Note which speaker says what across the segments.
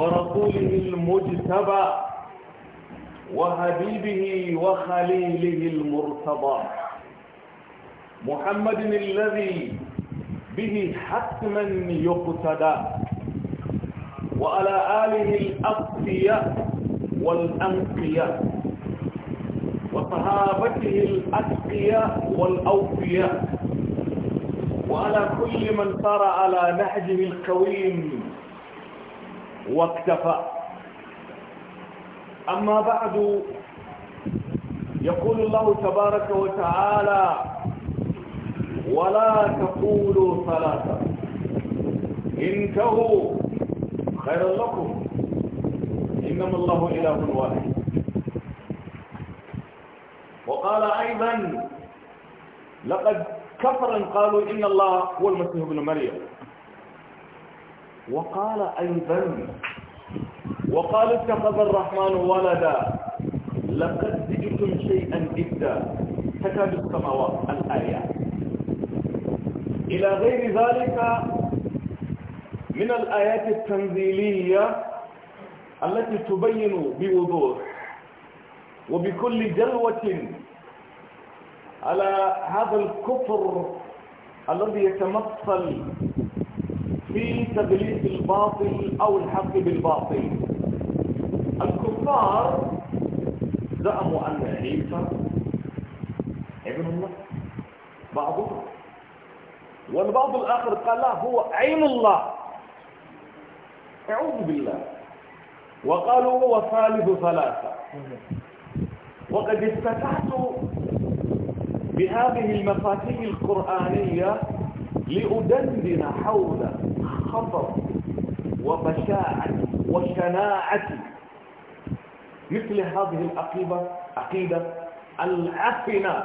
Speaker 1: ورسوله المجتبى وحبيبه وخليله المرتضى محمد الذي به حتما يقتدى وعلى آله الأقفياء والأنقياء وصحابته الأتقياء والأوفياء وعلى كل من سار على نهجه القويم واكتفى أما بعد يقول الله تبارك وتعالى ولا تقولوا ثلاثة انتهوا خير لكم إنما الله إله واحد وقال أيضا لقد كفرا قالوا إن الله هو المسيح ابن مريم وقال أيضا وقال اتخذ الرحمن ولدا لقد جئتم شيئا إدا تكاد السماوات الآية إلى غير ذلك من الآيات التنزيلية التي تبين بوضوح وبكل جلوة على هذا الكفر الذي يتمثل في تدليس الباطل أو الحق بالباطل الكفار زعموا أن عيسى ابن الله بعضهم والبعض الآخر قال لا هو عين الله أعوذ بالله وقالوا هو ثالث ثلاثة وقد استطعت بهذه المفاتيح القرآنية لأدندن حول خطر وبشاعة وشناعة مثل هذه العقيدة عقيدة العفنة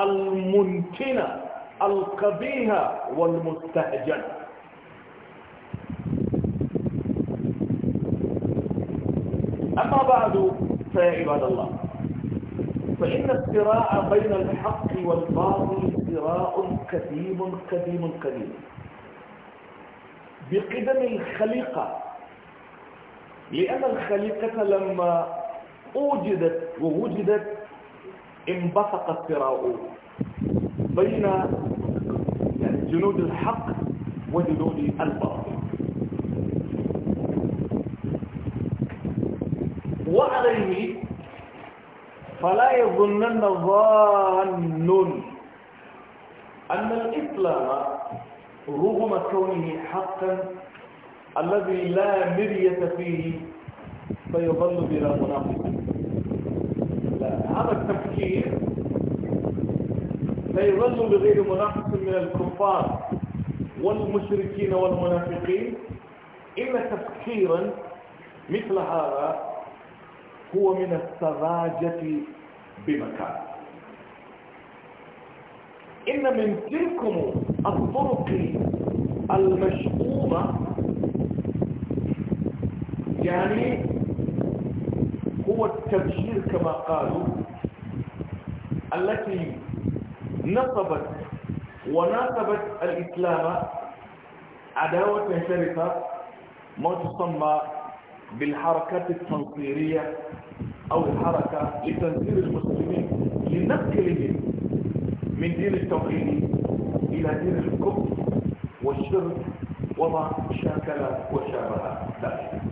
Speaker 1: المنتنة القبيحة والمستهجنة أما بعد فيا عباد الله فإن الصراع بين الحق والباطل صراع كثيم كثيم كثيم بقدم الخليقة لأن الخليقة لما أوجدت ووجدت انبثق الصراع بين يعني جنود الحق وجنود الباطل وعليه فلا يظنن ظان أن الإسلام رغم كونه حقا الذي لا مرية فيه فيظل بلا منافق هذا التفكير فيظل بغير منافق من الكفار والمشركين والمنافقين إن تفكيرا مثل هذا هو من السذاجة بمكان إن من تلكم الطرق المشؤومة يعني هو التبشير كما قالوا التي نصبت وناسبت الإسلام عداوة شرفة ما تسمى بالحركات التنصيرية أو الحركة لتنصير المسلمين لنقلهم من دين التوحيد إلى دين الكفر والشرك وما شاكل وشابه ذلك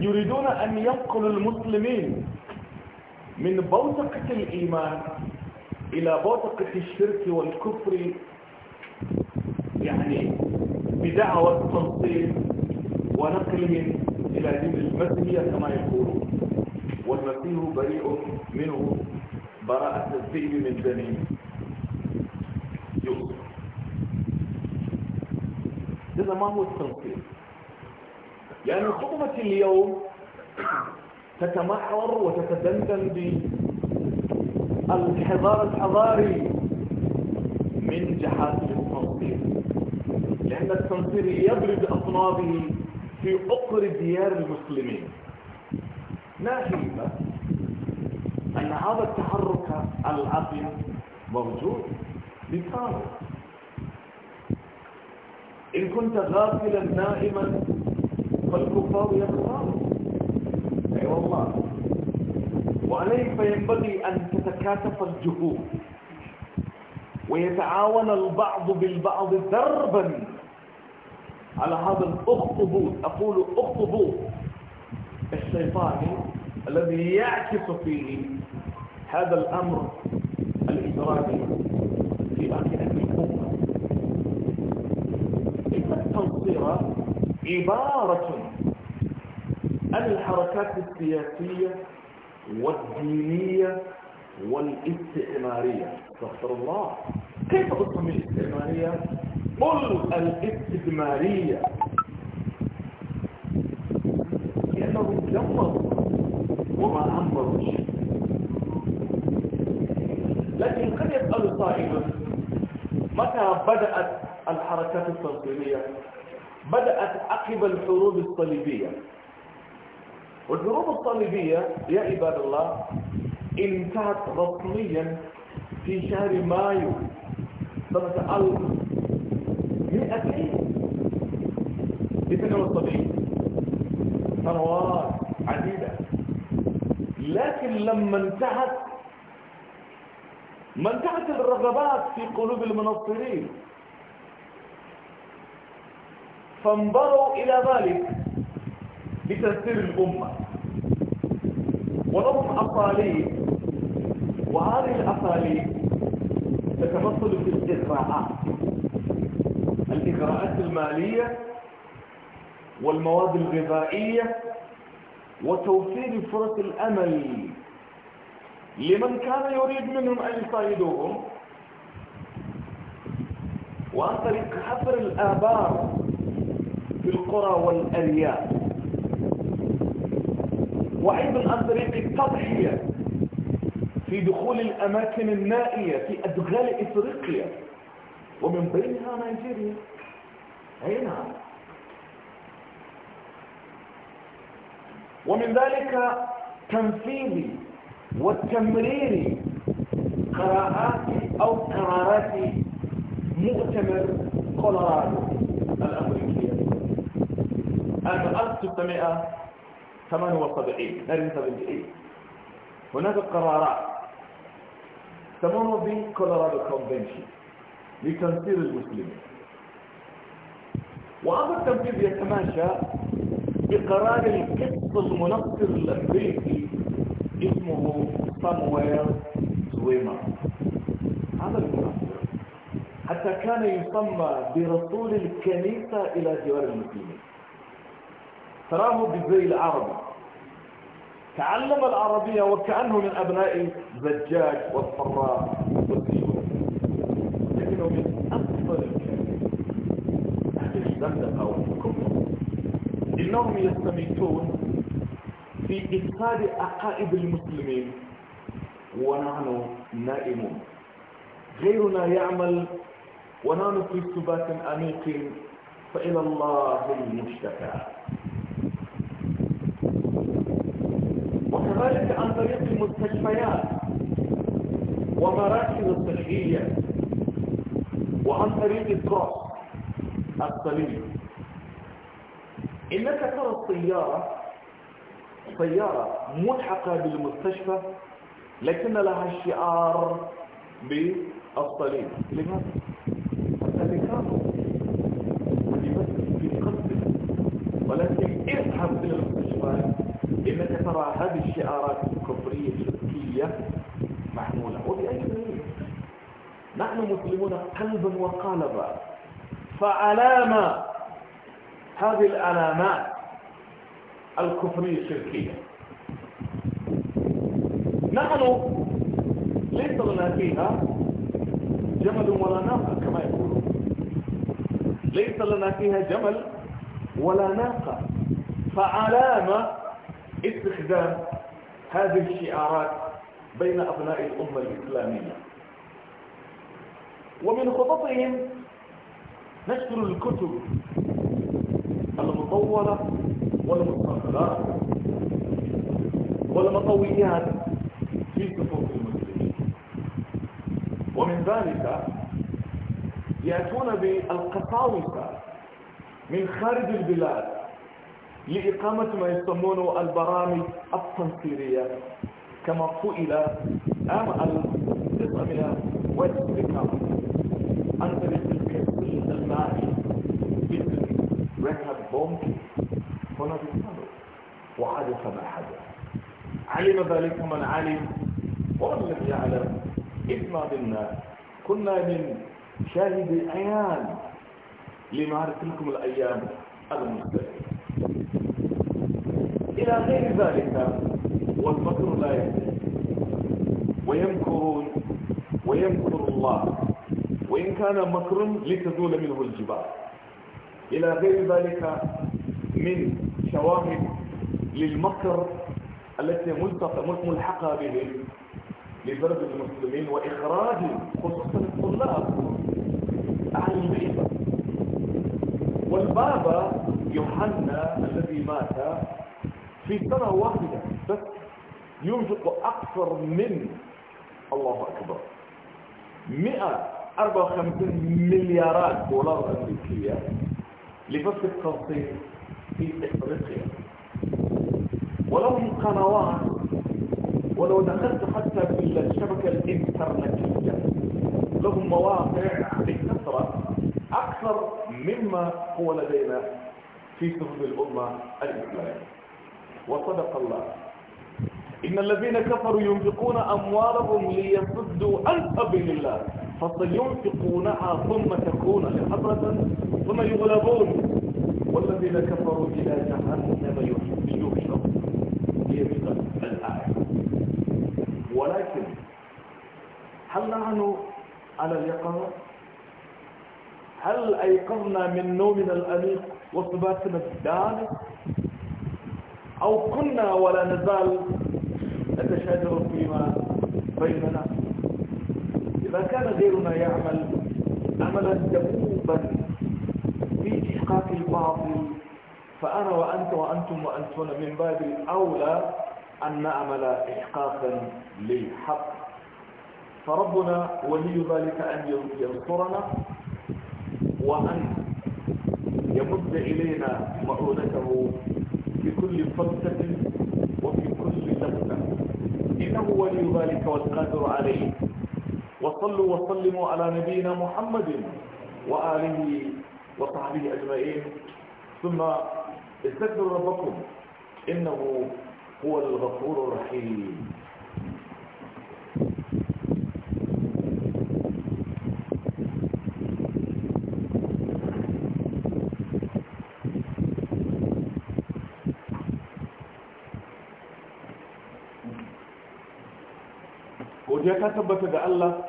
Speaker 1: يريدون أن ينقلوا المسلمين من بوتقة الإيمان إلى بوتقة الشرك والكفر يعني بدعوى التنصيب ونقلهم إلى دين المسيح كما يقولون والمسيح بريء منه براءة الذئب من ذنين يؤثر هذا ما هو التنصير يعني الخطبة اليوم تتمحور وتتدندن بالحضار الحضاري من جحافل التنصير لأن التنصير يبرد أطنابه في أقر ديار المسلمين ناحية هذا التحرك العقلي موجود بكار إن كنت غافلا نائما فالكفار يكفار أي والله وعليك فينبغي أن تتكاتف الجهود ويتعاون البعض بالبعض دربا على هذا الأخطبوط أقول أخطبوط الشيطاني الذي يعكس فيه هذا الأمر الإدراكي في باقي الأمة إن التنصير عبارة عن الحركات السياسية والدينية والاستعمارية استغفر الله كيف تسمي الاستعمارية؟ قل الاستثمارية لأنهم دمروا وما الشيء لكن قد يسأل صائب متى بدأت الحركات التنصيرية بدأت عقب الحروب الصليبية والحروب الصليبية يا عباد الله انتهت رسميا في شهر مايو سنة 1272 سنوات عديدة لكن لما انتهت ما انتهت الرغبات في قلوب المنصرين فانبروا إلى ذلك لتسير الأمة ولهم أصاليب وهذه الأصاليب تتمثل في الإغراءات الإغراءات المالية والمواد الغذائية وتوفير فرص الأمل لمن كان يريد منهم أن يصيدوهم وعن طريق حفر الآبار في القرى والأرياف وأيضا عن طريق التضحية في دخول الأماكن النائية في أدغال إفريقيا ومن بينها نيجيريا أي نعم ومن ذلك تنفيذ والتمرير قراءات أو قرارات مؤتمر كولورادو الأمريكية 1678 هناك قرارات تمر بكولورادو كونفنشن لتنصير المسلمين وأمر التنفيذ يتماشى بقرار القسط المنصر الأمريكي اسمه صموير زويما هذا المناصر حتى كان يسمى برسول الكنيسة إلى جوار المسلمين تراه بزي العربي تعلم العربية وكأنه من أبناء الزجاج والصراء والسيوف لكنه من أفضل أهل الزندقة والكفر إنهم يستميتون بإفساد عقائد المسلمين ونحن نائمون غيرنا يعمل ونحن في سبات أنيق فإلى الله المشتكى وكذلك عن طريق المستشفيات ومراكز الصحية وعن طريق الدرس الصليب إنك ترى السيارة سيارة ملحقة بالمستشفى لكن لها الشعار بالصليب لماذا؟ الامريكانو يمثل في قلبك ولكن اذهب الى المستشفى انك ترى هذه الشعارات الكفريه الشركيه محموله وباي دليل نحن مسلمون قلبا وقالبا فعلامه هذه العلامات الكفرية الشركية نحن ليس لنا فيها جمل ولا ناقة كما يقولون ليس لنا فيها جمل ولا ناقة فعلامة استخدام هذه الشعارات بين أبناء الأمة الإسلامية ومن خططهم نشر الكتب المطورة ولا والمطويات في صفوف المسلمين ومن ذلك يأتون بالقساوسة من خارج البلاد لإقامة ما يسمونه البرامج التنصيرية كما فئل أم الإسلامية ويسبكا أنت بالتنصير المائي ركب بومبي وحدث ما حدث علم ذلك من علم ومن لم يعلم إذنا منا كنا من شاهد عيان لمعرفة لكم الأيام المستقبل إلى غير ذلك والمكر لا يهدي ويمكرون ويمكر الله وإن كان مكر لتزول منه الجبال إلى غير ذلك من شواهد للمكر التي ملحقة به لضرب المسلمين وإخراج خصوصا الطلاب أهل البيت والبابا يوحنا الذي مات في سنة واحدة بس ينفق أكثر من الله أكبر 154 مليارات دولار أمريكية لفصل قصيرة في إفريقيا ولو في قنوات ولو دخلت حتى في الشبكة الإنترنتية لهم مواقع بكثرة أكثر مما هو لدينا في صفوف الأمة الإسلامية وصدق الله إن الذين كفروا ينفقون أموالهم ليصدوا عن سبيل الله فسينفقونها ثم تكون لحضره ثم يغلبون والذين كفروا إلى جهنم يحبون يفهم الآية ولكن هل نحن على اليقظة هل أيقظنا من نومنا الأنيق وثباتنا الدانس أو كنا ولا نزال نتشاجر فيما بيننا إذا كان غيرنا يعمل عملا دبوبا في إحقاق الباطل فأنا وأنت وأنتم وأنتم من باب الأولى أن نعمل إحقاقا للحق فربنا ولي ذلك أن ينصرنا وأن يمد إلينا معونته في كل فلسة وفي كل لفتة إنه ولي ذلك والقادر عليه وصلوا وسلموا على نبينا محمد وآله وصحبه أجمعين ثم استغفروا ربكم إنه هو الغفور الرحيم ya ka tabbata ga Allah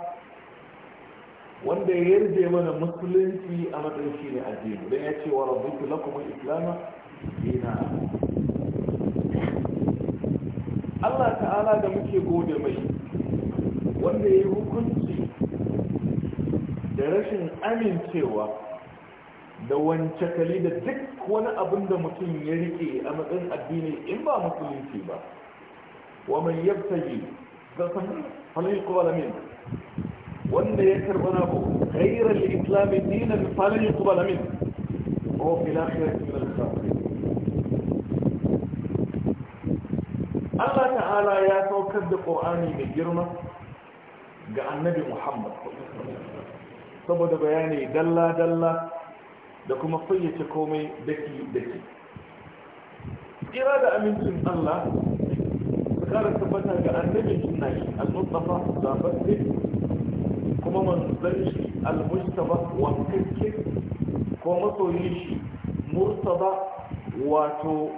Speaker 1: wanda ya yarje mana musulunci a matsayin shi ne addini don ya ce wa rabbitu lakum al-islama Allah ta'ala da muke gode mai wanda ya yi hukunci da rashin amincewa da wance kali da duk wani abin da mutum ya rike a matsayin addini in ba musulunci ba wa man yabtaji zafin halin kwalamin wanda ya karɓa na ku khairar islamin dinar falin kwalamin ko filakhiyar islamin ta'ala ya saukar da ƙo'ani mai girma ga annabi muhammad saboda bayani dalla-dalla da kuma fayyace komai daki-daki kira da amincin allah kara tabbata ga annabin sunayi al-mustafa zaɓaɓɓe kuma manzan shi al-mustafa wankakke ko masoyin shi murtaba wato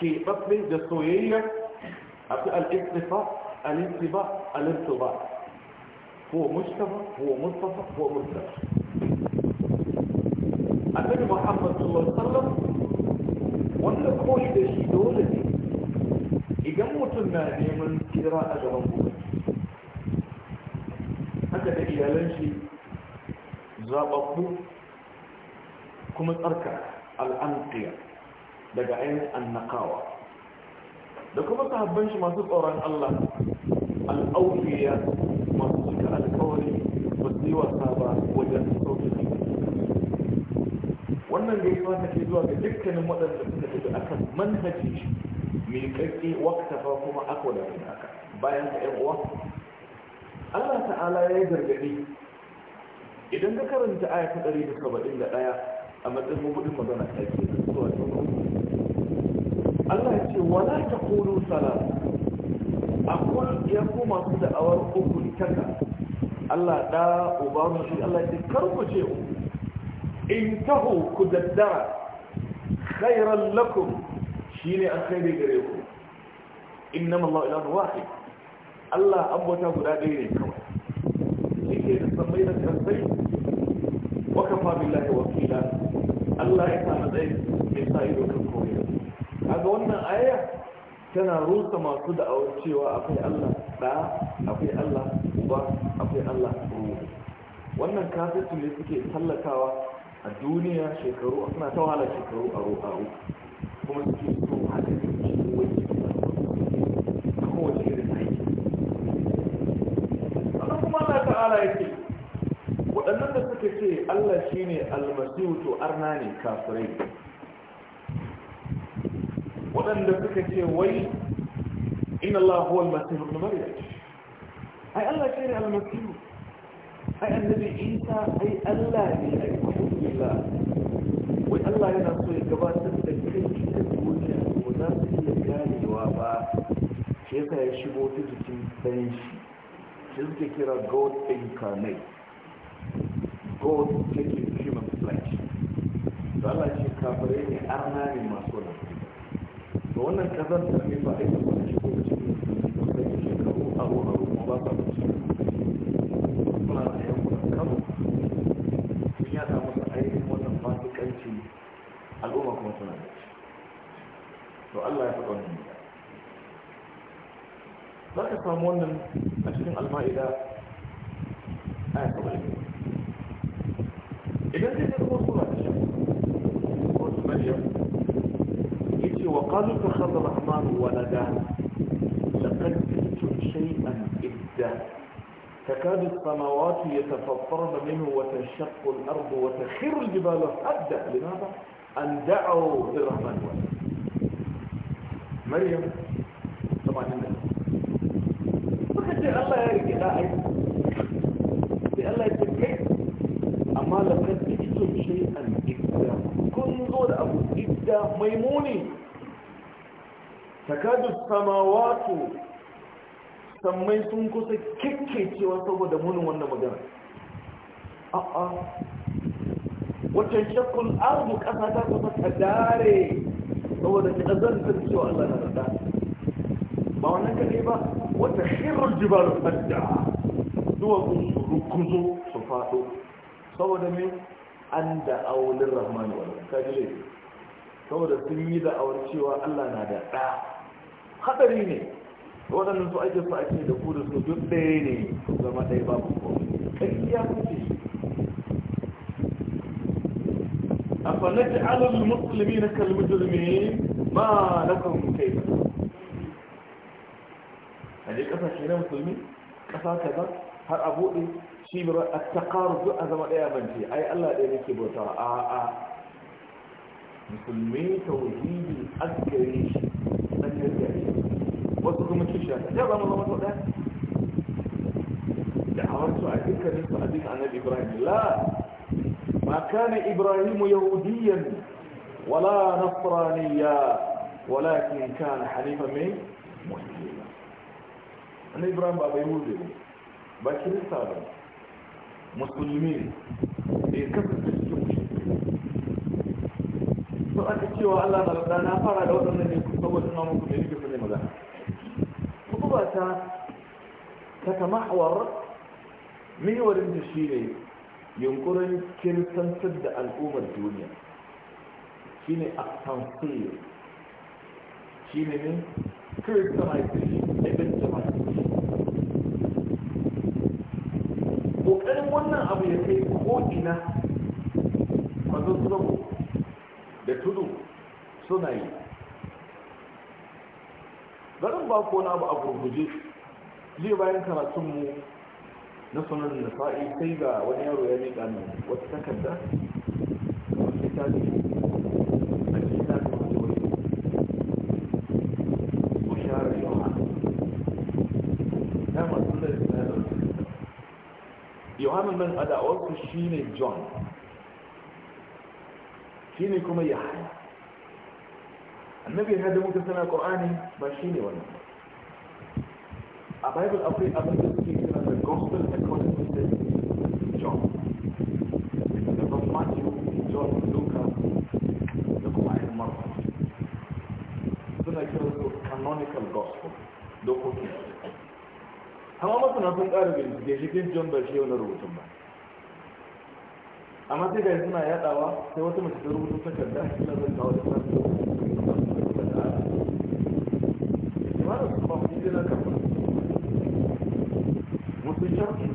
Speaker 1: keɓaɓɓe da soyayya أبدأ الإنطباع الإنطباع الإنطباع هو مجتمع هو مصطفى هو مصطفى أبدأ محمد صلى الله عليه وسلم وأنت خوش بشي دولتي يجموت المعنى من كراءة رمضان حتى إذا ألنشي زابطو كمت أركع الأنقية بدعين النقاوة da kuma sahabban shi masu tsoron Allah al'auliya masu cika alkawari ba su yi wasa ba wajen sauki wannan gaisuwa ta ke zuwa ga dukkanin waɗanda suka tafi akan manhaji mai ƙarfi waktafa kuma aka wadatun aka bayan ka ƴan uwa Allah ta'ala ya yi gargaɗi idan ka karanta aya ta ɗari da saba'in da ɗaya a matsayin mabudin magana ta ke zuwa ta Allah ya ce wala ta kulu salat akwai ya kuma su da awar uku taka Allah da uba mu shi Allah ya ce kar ku ce in taho ku daddara khairan lakum shine da gare ku innama Allah ilahu wahid Allah abota guda ɗaya ne kawai yake da sammai da kansai wa kafa billahi wakila Allah ya sa matsayin mai sa ido kan koyar Aga wannan aya tana rusa masu da'awar cewa akwai Allah ɗaya, akwai Allah uba akwai Allah ruhu wannan kafirci ne suke tallakawa a duniya shekaru suna ta wahala shekaru a ro'aru kuma suke so haka ne cikin wani a kowace irin aiki sannan kuma Allah ta'ala yake waɗannan da suka ce Allah shine almasihu to arna ne kafirai waɗanda suka ce wai ina Allah huwa al-masih ibn maryam ai Allah shi ne al-masih ai annabi Isa ai Allah ne ai alhamdulillah wai Allah yana so ya gabatar da kai cikin duniya ko za su iya ganewa ba shi yasa ya shigo ta jikin ɗan shi shi suke kira God incarnate God taking human flesh to Allah shi kafirai ne arna ne masu wani to wannan kazar da ne ba a yi da shi ko cikin sai shekaru aro aro kuma ba sa mutu suna da yankunan kano sun yada masa ainihin wannan fasikanci al'umma kuma suna da shi to Allah ya faɗa wannan za ka samu wannan a cikin alma'ida a yadda. قالوا اتخذ الرحمن ولدا لقد جئتم شيئا ابدا تكاد السماوات يتفطرن منه وتنشق الأرض وتخر الجبال ابدا لماذا؟ أن دعوا للرحمن ولدا مريم طبعا فقد الله يا رجلاء أما لقد جئتم شيئا ابدا كن نقول الأب ميموني takadu samawatu sammai sun kusa kekkecewa saboda munin wannan magana a'a wacce shakkun arzu kasa ta kusa ta dare saboda kazantar cewa Allah na rada ba wannan kare ba wata shirin jibalu fadda duwatsun sun rukuzo su faɗo saboda mai an da aulin rahmanu wani kajile saboda sun yi da awar cewa Allah na da ɗa hadari ne waɗannan su ake su ake da ku da su duk ɗaya ne su zama ɗaya babu komai ƙarfiya kuke a fannati alal musulmi na kalmujirmi ma na kan kai ba a ne ƙasashe na musulmi ƙasa kaza har a buɗe shi bira a taƙaru duk a zama ɗaya banci ai allah ɗaya nake bauta a a musulmi tauhidi asgari shi ɗan yarda وتقوم الشيشان يلا من الله وضع الحوار سؤال إذن كان يستعديك عن نبي إبراهيم لا ما كان إبراهيم يهوديا ولا نصرانيا ولكن كان حليفا من مسلم أنا إبراهيم بابا يهودي باكي نصابا مسلمين يكفر في السؤال سؤال كتير وعلا مردان أفرع لو أنني كنت أقول أنه ممكن يجب أن يكون هذا wata ta tamahwar miliwarin da shi ne yunkurin kirtantar da al'ummar duniya shi ne a tamfiyar shi ne ne kirtantar da ƙoƙarin wannan abu ya kai ko'ina mazan zuwa da tudu suna yi garin ba ko na ba a gurguje zai bayan karatunmu na sunan nasa'i sai ga wani yaro ya miƙa min wata takarda kamar littafi a cikin tafi masu wani ko shahara yawa ya masu da yohanan nan a da'awarsu shi ne john shi ne kuma yahaya النبي هذا موجود سنة القرآن ماشيني ولا أبايب الأبري أبايب الأبري أبايب الأبري Gospel according to the John the from Matthew John Luca the Quran Mark so like a canonical gospel doko kiss هم أما في نظم قارب الجيشين جون برشيو نروه ثم أما تيجي اسمها يا توا سوى تمشي تروه ثم تكدر هلا بس هذا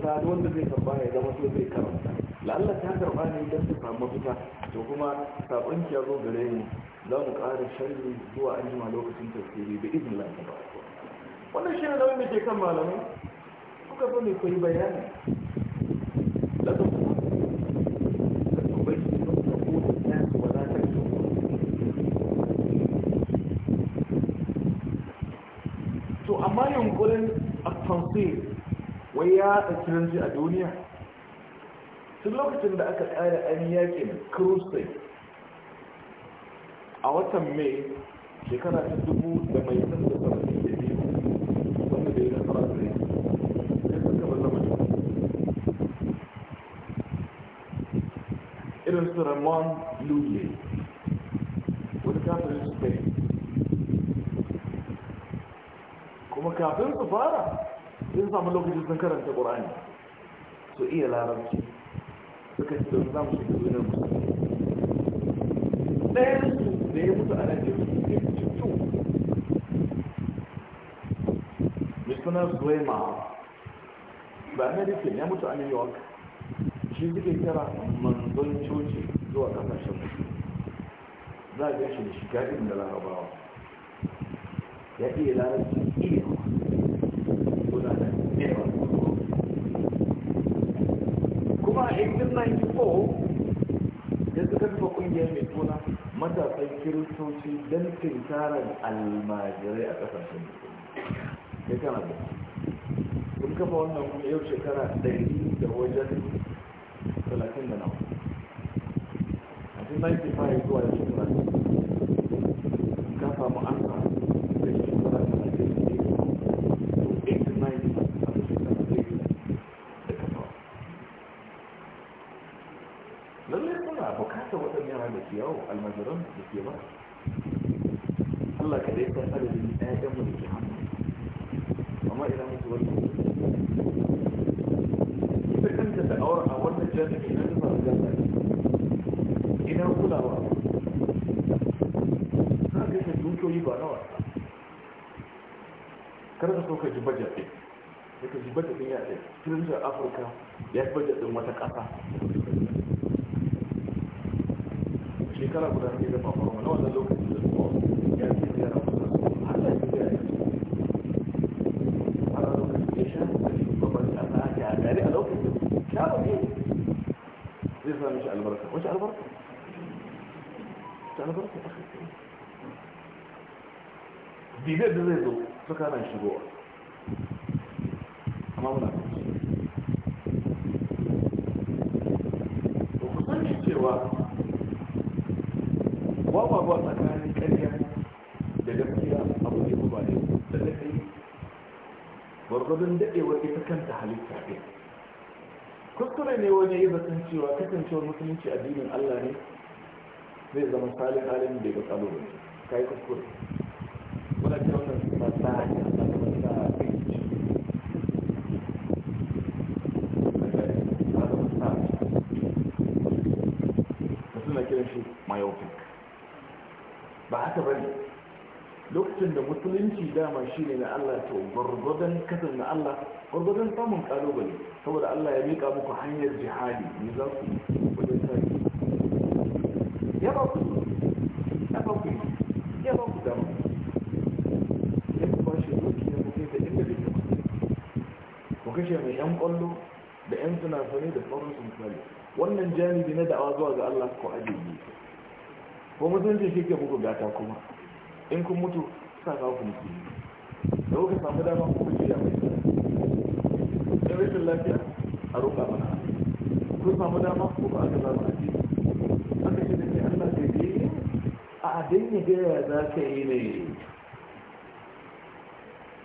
Speaker 1: mafita da wanda zai tambaya ya zama so zai karanta la'alla ta karɓa ne don su samu mafita to kuma sabon ki ya zo gare ni za mu ƙara sharri zuwa an jima lokacin tafsiri da izin lafi ba wannan shi ne da wanda ke kan malamai kuka zo ne ku yi bayani watsa kiranci a duniya tun lokacin da aka tsara an yakin crusade a watan mai shekara ta dubu da mai san da sarari da biyu wanda da ya nasara da ya suka ba zama irin su ramon luye wani kafin su kai kuma kafin su fara sun samu lokaci sun karanta ƙorani su iya larabci suka ci don zamu shiga duniyar musulmi ɗayan su da ya mutu a nan ya cutu mai zuwaima ba american ya mutu a new york shi suke kira manzon coci zuwa kasashen za a gashi da shiga irin da larabawa ya iya larabci kuma a 1894 ya suka rufe kungiyar mai tuna matasan kiristoci don tinkarar almajirai a kasashen ya kana da kafa wannan kuma yau shekara 100 da wajen 30 da nawa a 1995 zuwa yanzu 30 kafa mu'amma ba bukatar waɗannan yara da ke yawo almajiran da ke ba Allah ka dai san adadin ɗayan mu da ke hannu amma idan mutu wani ita kanta da aure a wannan jami'in na zuba gaba ina kulawa za ka yi dukiyoyi ba nawa kar ka so ka ji bajet ɗin ka ji bajet ɗin ya ɗin kirin afirka ya fi bajet ɗin wata ƙasa shekara guda ne da fafarwa na wannan lokacin da kuma ya ce ziyara kusa Allah ya ziyara ya ce ana lokacin ya sha da shugaban kasa ya gari a lokacin sha ba ne zai sami shi albarka wace albarka ta albarka ta bibiyar da zai zo suka na shigowa amma muna cewa gwargwadon daɗewar ita kanta halitta ɗin kuskure ne wani yi zaton cewa kasancewar musulunci addinin allah ne zai zama salin alin da ya ga tsalo ka yi kuskure lokacin da musulunci dama shi ne na Allah to gwargwadon kasar na Allah gwargwadon samun kalubale saboda Allah ya mika muku hanyar jihadi ne za ku wajen sarki ya ba ku ya ba ku ya ba ku dama ya ku bashi shi doki ya kuke da inda da kuma ku kashe mai yan kwallo da yan sunafane da sauransu misali wannan janibi na da'awa zuwa ga Allah ko ajiye ko mutunci shi ke muku gata kuma in kun mutu sa kawo ku mutu da kuka samu dama ku kuce ya mai in rashin lafiya a roƙa mana ku samu dama ku ba aka zama aji aka ce da ke allah ke je a adin ya gaya za ka yi ne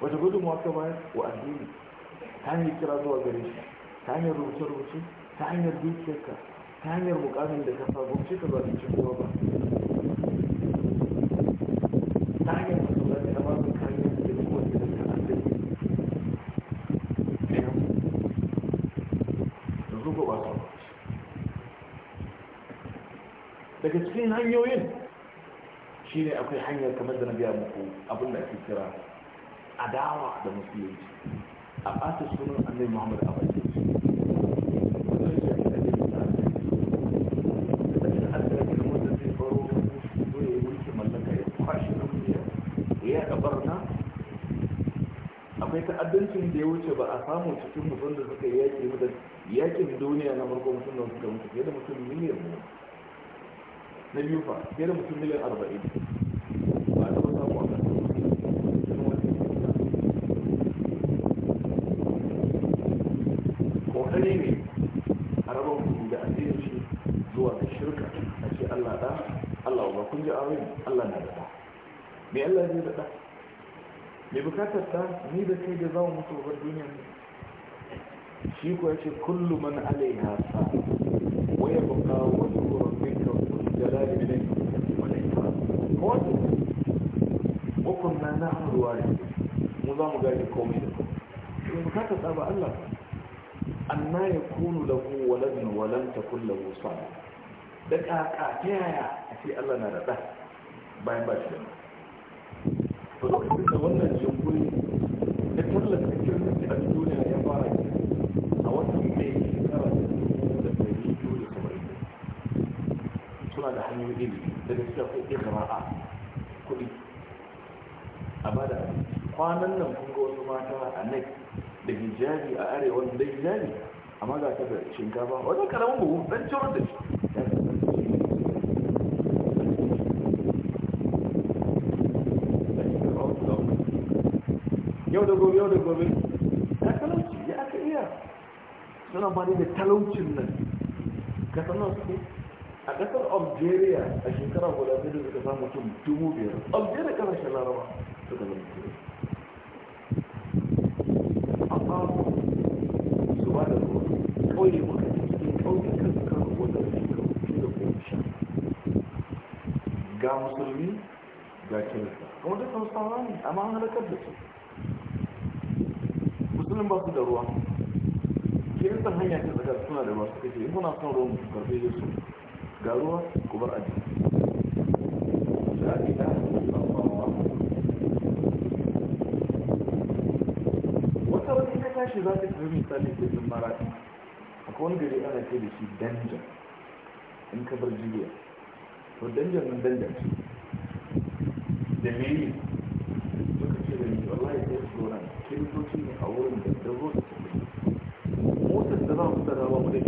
Speaker 1: wata gudun ka bayar wa addini ta hanyar kira zuwa gare shi ta hanyar rubuce-rubuce ta hanyar dukiyarka ta hanyar mukamin da ka sabon ce ka zalunci kowa ba daga cikin hanyoyin shi ne akwai hanyar kamar da na biya muku abin da ake kira adawa da musulunci a ɓata sunan annabi muhammad a bakin akwai ta'addancin da ya wuce ba a samu cikin mutum da suka yaki yakin duniya na farko mutum da suka mutu fiye da mutum miliyan ne na biyu fa fiye da mutum miliyan arba'in ba a taɓa samu a kan kokari ne a raba kuɗi da addinin shi zuwa ga shirka a ce allah da allah ba kun ji amin allah na da me allah zai da ɗa mai bukatar ɗa ni da kai da za mu mutu bar duniya shi ko ya ce kullu man alaiha sa wa baka wani wurin da lalibe malaika ko ne hukun na na haruwa ne mu za mu gani komai da komai in bukata tsaba allah anna ya kunu da ku walabin walanta kulla musa da ƙaƙa ta yaya a ce allah na da ɗa bayan ba shi da ba da wannan jinkuri da tallata kirkin a duniya ya fara a wata mai hanyoyin ilimi da cikin akwai ikira'a kuɗi a ba bada kwanan nan kun ga wasu mata a nek da hijabi a arewa da hijabi a ga ta da shinkafa wajen karamin buhu ɗan cewar da shi yau da gobe yau da gobe ya talauci ya aka iya suna ba da talaucin nan ka sanar su a ƙasar algeria a shekara guda sai da suka samu mutum dubu biyar algeria shi laraba suka zama mutum amma su ba da ruwa kawai maka cikin ƙauye kan su kan da su kan rufe da kuma sha ga musulmi ga kirista kuma da sun sa ne amma an halakar da su musulmi ba su da ruwa kirista hanya ta tsakar suna da ruwa suka ce in kuna son ruwan karfe su taruwa ku bar addini la ilaha illallah wata wani ka tashi za ta yi misali da jin marati akwai wani gari ana ce da shi danja in ka bar jigiya to danjan nan danjan ce da miri suka ce da ni. wallahi ya su zo nan kiristoci ne a wurin da da zo da cikin motar da za mu da rawa mu da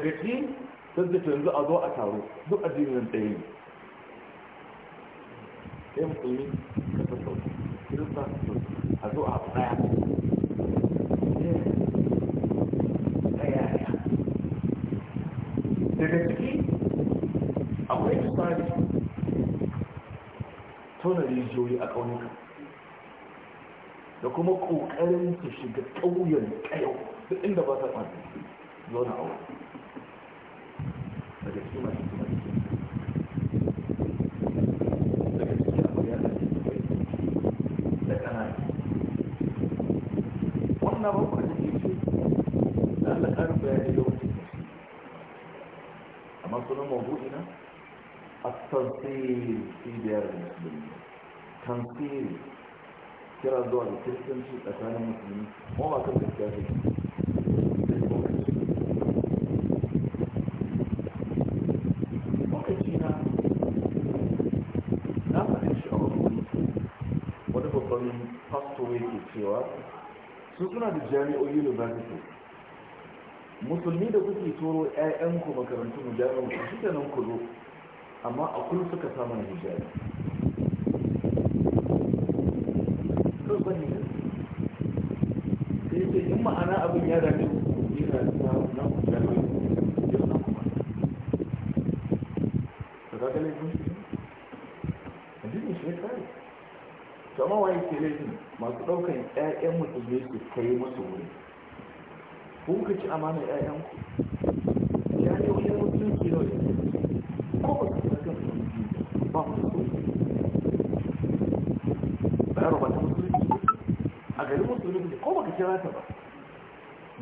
Speaker 1: daga ci sun da yanzu a zo a taro duk addinin ɗaya ne sai musulmi ka sassau kirista a zo a abu ɗaya daga ciki akwai misali tona rijiyoyi a ƙaunuka da kuma ƙoƙarin su shiga ƙauyen ƙayau duk inda ba ta faɗi zo na wani tansiri cibiyar musulmi tansiri kira zuwa da kiristanci tsakanin musulmi kuma ba kan gaskiya ne cewa su suna da jami'o'i university musulmi da kuke toro 'ya'yanku makarantu mu jami'o'i shi nan ku zo amma a kullum suka samu na hijabi sai ce in ma'ana abin ya dame yana sa na hijabi ya na kuma da ka ga laifin shi a jini shi ya kare to amma waye ke laifin masu ɗaukan 'ya'yan musulmi su kai masu wuri kun ka ci amana 'ya'yanku ya yi wani mutum ke yau da ko ba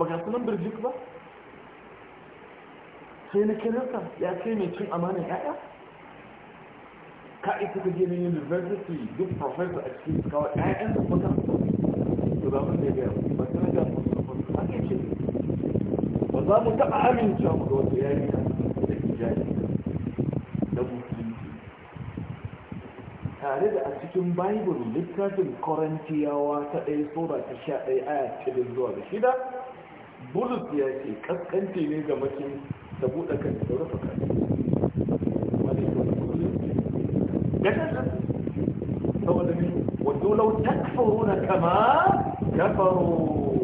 Speaker 1: a sai na kirarsa ya ce mai cin amanin ya'ya ka isa ka gina university duk professor a cikin kawai ya'yan da kuma to ga mun da gaya ba sai da ba su da ba ce ba za mu taɓa amincewa mu ga wata na da ke jami'a na musulunci tare da a cikin bible littafin korintiyawa ta ɗaya sura ta sha ɗaya aya cikin zuwa da shida bulus ya ce kaskance ne ga mace da buɗe kan da rufe kan saboda ne wato lau takfuruna kama kafaru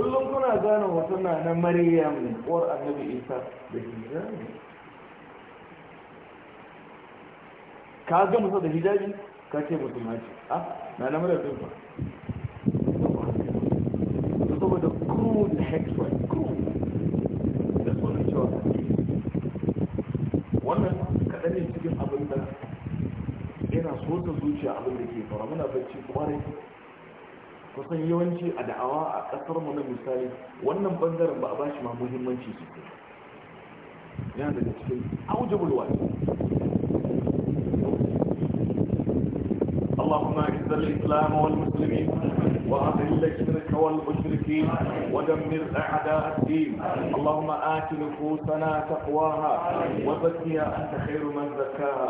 Speaker 1: kullum kuna gane wata na maryam uwar annabi isa da hijabi ka ga musa da hijabi ka ce mutum haji A ah, na na maryam din ba saboda cruel hexway cruel da sunan cewa wannan kaɗan ne cikin abin da yana so ta zuciya abin da ke faru muna bacci kwarai kusan yawanci a da'awa a ƙasar mu na misali wannan bangaren ba a ba shi ma muhimmanci ke. yana daga cikin aujabulwa Allahumma أعز الإسلام والمسلمين وأذل الشرك والمشركين ودمر أعداء الدين اللهم آت نفوسنا تقواها وزكها أنت خير من زكاها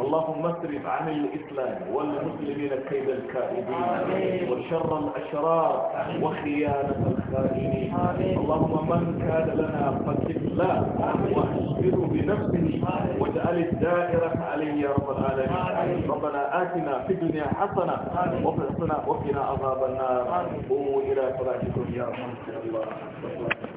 Speaker 1: اللهم اصرف عن الإسلام والمسلمين كيد الكائدين وشر الأشرار وخيانة الخائنين اللهم من كان لنا فكف لا واشغله بنفسه واجعل الدائرة علي يا رب العالمين ربنا آتنا في الدنيا حسنة وفقنا عذاب النار قوموا إلى صلاتكم يا رحمة الله